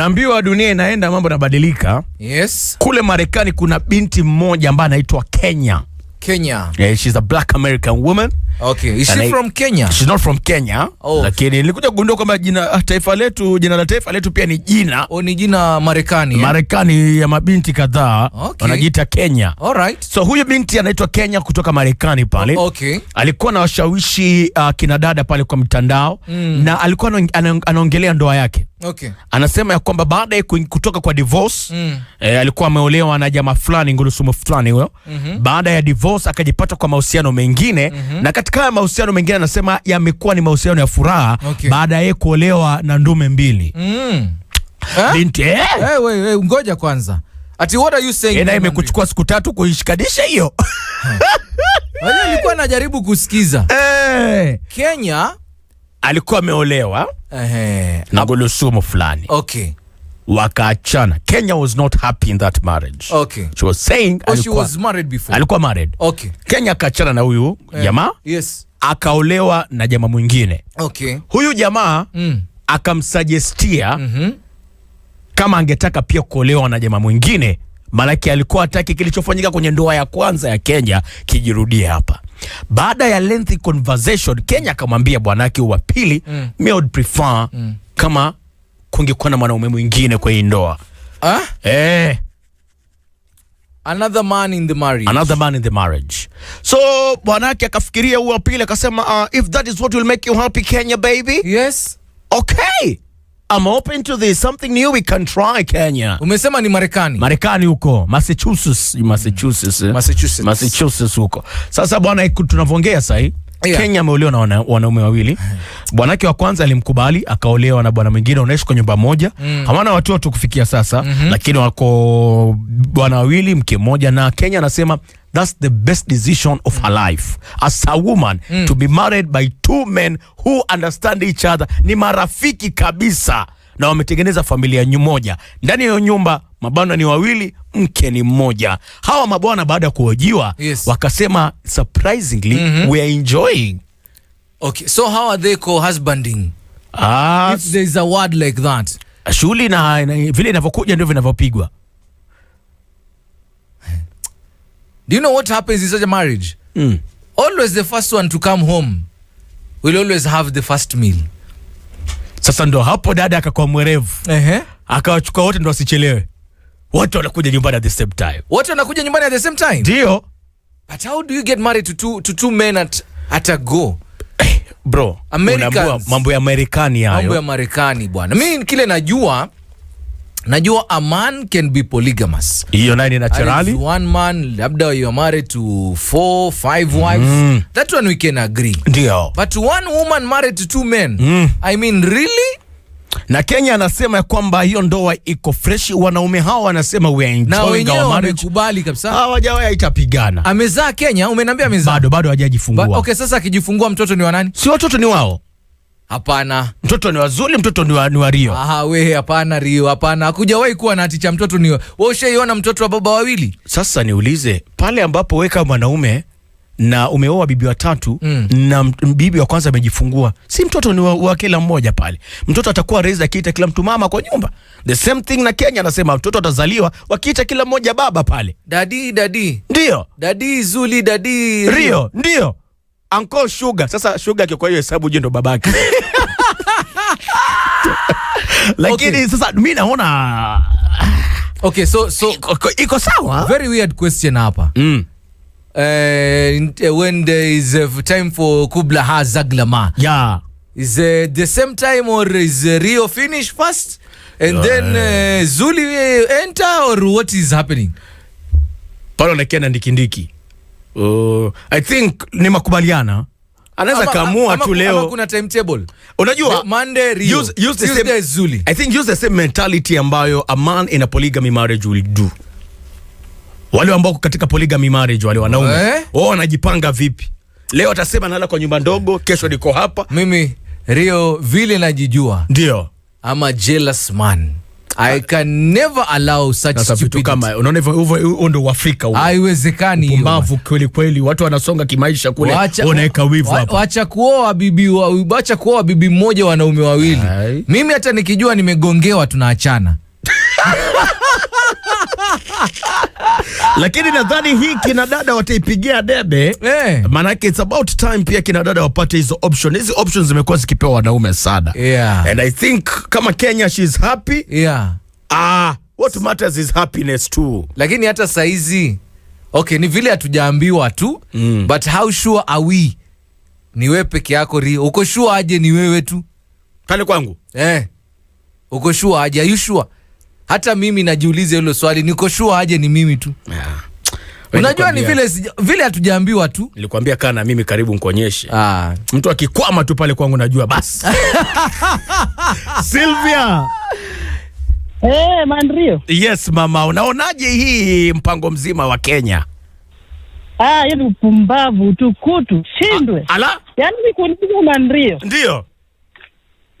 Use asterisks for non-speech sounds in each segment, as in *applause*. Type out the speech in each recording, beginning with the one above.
Unaambiwa dunia inaenda, mambo yanabadilika. Yes. Kule Marekani kuna binti mmoja ambaye anaitwa Kenya. Kenya. Yeah, she's a black American woman. Okay. Is she from Kenya? She's not from Kenya. Oh. Lakini nilikuja kugundua kwamba jina ah, taifa letu, jina la taifa letu pia ni jina. Oh, ni jina Marekani. Eh? Marekani ya mabinti kadhaa wanajiita Kenya. All right. So huyu binti anaitwa Kenya kutoka Marekani pale. Oh, okay. Alikuwa na washawishi uh, ah, kina dada pale kwa mitandao mm. na alikuwa anaongelea ndoa yake. Okay. Anasema ya kwamba baada ya kutoka kwa divorce mm. eh, alikuwa ameolewa na jamaa fulani ngulusumu fulani huyo mm -hmm. Baada ya divorce akajipata kwa mahusiano mengine mm -hmm. Na katika haya mahusiano mengine anasema yamekuwa ni mahusiano ya furaha okay. Baada ya yeye kuolewa na ndume mbili mm. Eh? Eh? Binti eh? Hey, eh, we, we, ngoja kwanza ati what are you saying? Na imekuchukua siku tatu kuishikadisha hiyo. *laughs* Nilikuwa najaribu kusikiza hey. *laughs* Kenya alikuwa ameolewa na golosumu fulani okay. Wakaachana. Kenya was not happy in that marriage. Okay. She was saying oh, alikuwa, she was married before. Alikuwa married. Okay. Kenya akaachana na huyu eh, jamaa. Yes. Akaolewa na jamaa mwingine. Okay. Huyu jamaa mm. akamsuggestia mm -hmm. kama angetaka pia kuolewa na jamaa mwingine, maanake alikuwa hataki kilichofanyika kwenye ndoa ya kwanza ya Kenya kijirudia hapa. Baada ya lengthy conversation, Kenya akamwambia bwanake wa pili, mm. me would prefer mm. kama kungekuwa na mwanaume mwingine kwa hii ndoa. Ah? Eh. Another man in the marriage. Another man in the marriage. So bwanake akafikiria huyo wa pili akasema, uh, if that is what will make you happy Kenya baby. Yes. Okay. I'm open to this. Something new we can try Kenya. Umesema ni Marekani. Marekani huko Massachusetts, Massachusetts. Mm. Massachusetts. Massachusetts huko. Sasa bwana, tunavongea sasa hii Yeah. Kenya ameolewa na wanaume wawili. *laughs* Bwanake wa kwanza alimkubali akaolewa na bwana mwingine, wanaishi kwa nyumba moja, mm. hawana watoto kufikia sasa, mm -hmm. lakini wako bwana wawili mke mmoja, na Kenya anasema that's the best decision of mm. her life as a woman mm. to be married by two men who understand each other, ni marafiki kabisa na wametengeneza familia moja ndani ya nyumba. Mabwana ni wawili, mke ni mmoja. Hawa mabwana baada ya kuhojiwa yes. wakasema surprisingly mm -hmm. we are enjoying okay. so how are they co-husbanding ah, if there is a word like that, shughuli na, na vile inavyokuja ndio vinavyopigwa Do you know what happens in such a marriage? Mm. Always the first one to come home will always have the first meal. Sasa ndo hapo dada akakuwa mwerevu. Ehe. Akawachukua wote ndo wasichelewe. Wote wanakuja nyumbani at the same time. Wote wanakuja nyumbani at the same time? Ndio. But how do you get married to two, to two men at, at a go? Eh, bro, mambo ya Marekani hayo. Mambo ya Marekani bwana. mi kile najua Najua a man can be polygamous. Hiyo nani naturally? One man labda you are married to four, five mm-hmm. wives. Mm. That one we can agree. Ndio. But one woman married to two men. Mm. I mean really? Na Kenya anasema ya kwamba hiyo ndoa iko fresh, wanaume hawa wanasema we are enjoying our marriage. Na wenyewe wamekubali kabisa. Hawajawahi itapigana. Amezaa Kenya, umenambia amezaa. Bado bado hajajifungua. Okay, sasa akijifungua mtoto ni wa nani? Si watoto ni wao. Hapana, mtoto ni wazuli mtoto ni wa, ni wa Rio. Aha, we hapana, Rio hapana, hakujawahi kuwa na ticha mtoto ni wewe. Ushaiona mtoto wa baba wawili? Sasa niulize pale ambapo we kama mwanaume na umeoa bibi wa tatu mm. na bibi wa kwanza amejifungua, si mtoto ni wa, wa kila mmoja pale. Mtoto atakuwa raised akiita kila mtu mama kwa nyumba, the same thing na Kenya. Anasema mtoto atazaliwa wakiita kila mmoja baba pale, dadi dadi, ndio dadi Zuli, dadi Rio, ndio Anko Sugar. Sasa Sugar akikuwa hiyo hesabu hiyo ndo babake *laughs* lakini okay. Sasa mimi naona okay, so so iko sawa. Very weird question hapa mm. Uh, when there is a time for Kubla Ha Zaglama yeah. Is uh, the same time or is uh, Rio finish first and yeah. then uh, Zuli enter or what is happening? Pale nakia na Ndiki. Uh, I think ni makubaliana anaweza kaamua tu leo, kuna timetable unajua, Monday Rio, use, use the same, Zuli. I think use the same mentality ambayo a man in a polygamy marriage will do. Wale ambao katika polygamy marriage wale wanaume eh, wao oh, wanajipanga vipi? Leo atasema nala kwa nyumba ndogo, kesho niko hapa mimi Rio, vile najijua ndio ama jealous man I can never allow such stupidity. ndo Uafrika Haiwezekani hiyo. kweli kweli, watu wanasonga kimaisha kule, wanaweka wivu hapa. Wacha kuoa bibi, wacha kuoa bibi mmoja wanaume wawili. Mimi hata nikijua nimegongewa tunaachana. *laughs* Lakini nadhani hii kina dada wataipigia debe hey. Eh. Manake it's about time pia kina dada wapate hizo option. Hizi options zimekuwa zikipewa wanaume sana yeah. And I think kama Kenya she is happy yeah. Ah, what matters is happiness too. Lakini hata saizi okay, ni vile hatujaambiwa tu mm. But how sure are we? Ni wewe peke yako ri uko sure aje? Ni wewe tu pale kwangu eh, uko sure aje? Are you sure? hata mimi najiuliza hilo swali, niko sure aje ni mimi tu yeah. Unajua ni vile vile hatujaambiwa tu. Nilikwambia kaa na mimi karibu nikuonyeshe. Ah. Mtu akikwama tu pale kwangu najua basi. Silvia. *laughs* Eh, hey, Mandrio. Yes mama, unaonaje hii mpango mzima wa Kenya? Ah, yani upumbavu tu kutu shindwe. Ah, ala. Yaani ni kuuliza Mandrio. Ndio.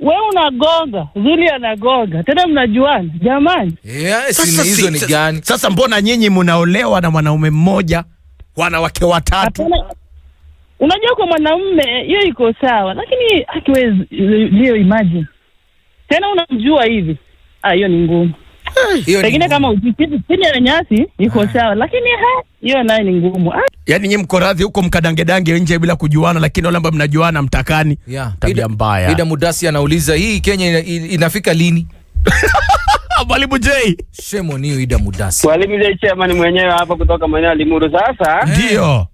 We unagonga zili anagonga tena, mnajuana jamani? Yes, sasa ni gani sasa? Mbona nyinyi mnaolewa na mwanaume mmoja wanawake watatu? Unajua, kwa mwanaume hiyo iko sawa, lakini akiwezi liyo imagine tena unamjua hivi, ah, hiyo ni ngumu pengine kama chini ya nyasi iko ah. sawa, lakini hiyo nayo ni ngumu. Ah. Yaani nyinyi mko radhi huko mkadangedange nje bila kujuana, lakini wale ambao mnajuana mtakani, yeah. Tabia mbaya. Ida Mudasi anauliza hii Kenya inafika lini? *laughs* Mwalimu J. Shemo niyo Ida Mudasi. Mwalimu J chairman mwenyewe hapa kutoka maeneo ya Limuru sasa. Ndio.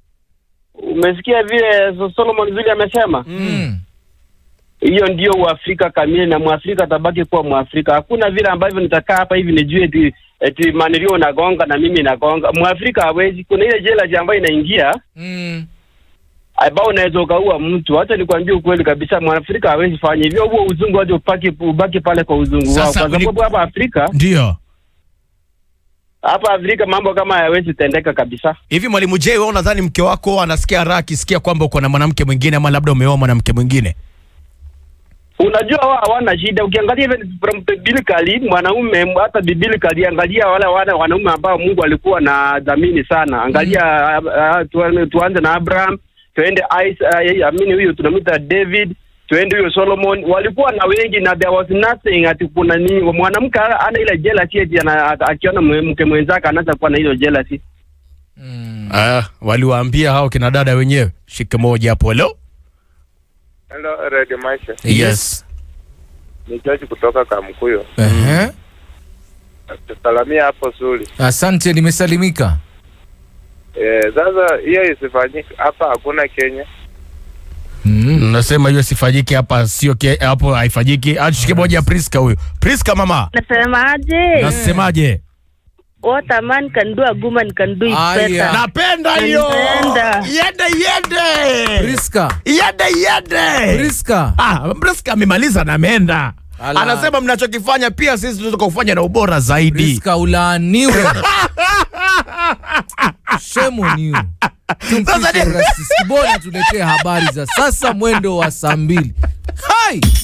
Umesikia vile Solomon Zuli amesema? Mm. Hiyo ndio Uafrika kamili, na Mwafrika atabaki kuwa Mwafrika. Hakuna vile ambavyo nitakaa hapa hivi nijue eti eti manilio unagonga na mimi nagonga. Mwafrika hawezi. Kuna ile jela ji ambayo inaingia mm ambao unaweza ukaua mtu. hata nikuambia ukweli kabisa, mwafrika hawezi fanya hivyo. Huo uzungu waje upaki ubaki pale kwa uzungu wao, kwa sababu hapa Afrika ndio hapa Afrika mambo kama hayawezi tendeka kabisa. Hivi mwalimu, je, wewe unadhani mke wako anasikia raha akisikia kwamba uko na mwanamke mwingine ama labda umeoa mwanamke mwingine? Unajua wao hawana shida. Ukiangalia even from biblically, mwanaume hata biblically, angalia wale wale wanaume ambao Mungu alikuwa na dhamini sana. Angalia mm. uh, tuanze na Abraham, tuende Isaac, uh, amini huyo tunamuita David, tuende huyo Solomon. Walikuwa na wengi na there was nothing ati kuna nini. Mwanamke ana ile jealousy eti akiona mke mwenzake anaanza kuwa na hiyo jealousy. Mm. Ah, waliwaambia hao kina dada wenyewe, shike moja hapo leo Hello, Radio Maisha. Yes. Ni George kutoka Kamkuyo. Uh -huh. Salamia hapo Suli. Asante, nimesalimika. Eh, sasa hiyo isifanyike hapa, hakuna Kenya. Mm, nasema hiyo sifanyike hapa, sio hapo haifanyiki. Atushike moja Priska huyo. Priska mama. Nasemaje? Nasemaje? What a man can do, a woman can do it better. Napenda hiyo. Ah, amemaliza na ameenda. Anasema mnachokifanya pia sisi tunataka kufanya na ubora zaidi. ulaaniwe. Shame on you. tuletee habari za sasa mwendo wa saa mbili. Hai!